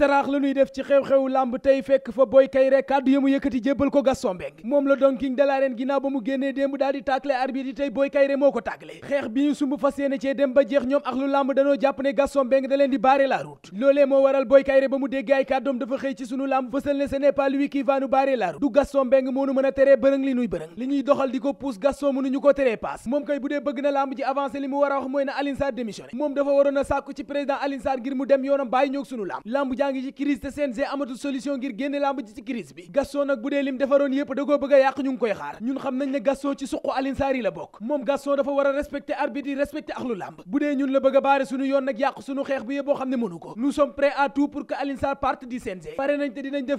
taraax la ñuy def ci xew xew làmb tey fekk fa Boy Kayre kàddu yamu yëkkati jébbal ko Gaston Mbengue moom la doon king ginnaaw ba mu génnee démb daal di tàkkale arbitre tey Boy Kayre moo ko tàkkale xeex bi ñu sumb fas yéene cee dem ba jeex ñoom ak lu danoo jàpp Gaston Mbengue da di barrer la loolee moo waral Boy Kayre ba mu déggee kàddoom dafa xëy ci sunu làmb fësal ne ce n'est pas lui qui va du Gaston Mbengue moo nu mën a teree bërëng li nuy bërëng a wax mooy na Alioune a sàkku ci président Alioune baa ngi ci crise te CNG amatul solution ngir bu dee lim defaroon yépp da koo bëgg koy xaar ñun xam nañ ne Gaston ci suqu Alioune moom a respecter arbitre yi respecter axlu la a baare suñu yoon nag xeex boo xam ne ko nous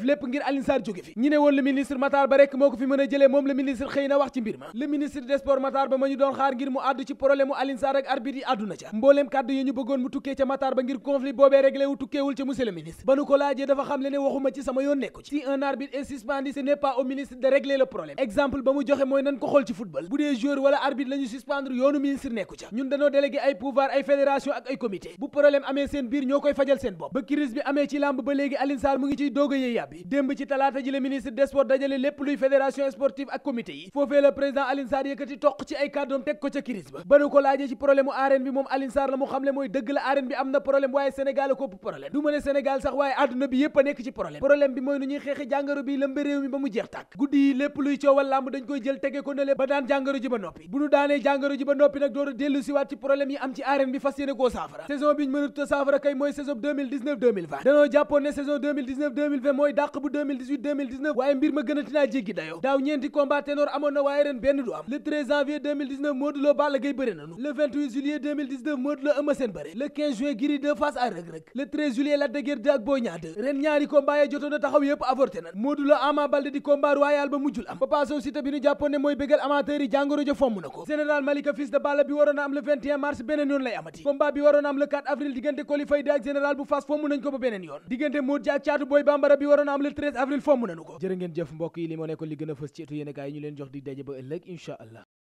lépp ngir Alioune Sarr jóge le ministre Matar Ba rek moo ko fi mën a moom le ministre xëy na wax ci mbir ma le ministre des sports Matar Ba ma ñu doon xaar ngir mu àddu ci problème mu ak arbitre yi àdduna ca mbooleem kàddu yi ñu bëggoon mu tukkee ca Matar Ba ngir conflit boobee réglé tukkeewul ca monsieur le ministre ministre ba nu ko laajee dafa xam ne waxuma ci sama yoon nekku ci si un arbitre est suspendu ce n'est pas ministre de régler le problème exemple ba mu joxe mooy nan ko xool ci football bu dee joueur wala arbitre la ñu yoonu ministre nekku ca ñun dañoo délégué ay pouvoir ay fédération ak ay comité bu problème amee seen biir ñoo koy fajal seen bopp ba crise bi amee ci làmb ba léegi Alioune Sarr mu ngi ciy doog a yee yàbbi démb ci talaata ji le ministre des sports dajale lépp luy fédération sportive ak comité na problème waaye Sénégal a sax waaye àdduna bi yépp a nekk ci problème problème bi mooy nu ñuy xeexi jàngoro bi lëmbe réew mi ba mu jeex tàkk guddi yi lépp luy coowal làmb dañ koy jël tege ko ba daan jàngoro ji ba noppi bu nu daanee jàngoro ji ba noppi nag door a dellu siwaat ci problème yi am ci arène bi fas yéene koo saafara saison bi ñu mënut a saafara kay mooy saison bu 2018 2019 waaye mbir ma gën a tinaa jéggi dayoo daaw ñeenti combat ténor amoon na waaye ren benn du ak Boy Niang 2 ñaari combat ya jotoon a taxaw yépp avorté na Modou Lo Ama Baldé di combat royal ba mujjul am Papa Sow Siteu bi ñu jàppoon ne mooy bégal amateur yi jàngoro jo fomm na ko général Malika fils de bi waroon am le mars beneen yoon lay amati combat bi waroon am le avril diggante Coly Faye 2 ak général bu Fass fomm nañ ko ba beneen yoon diggante Modou Dia ak Bambara bi waroon am le 13 avril fomm nañu ko jërë ngeen jëf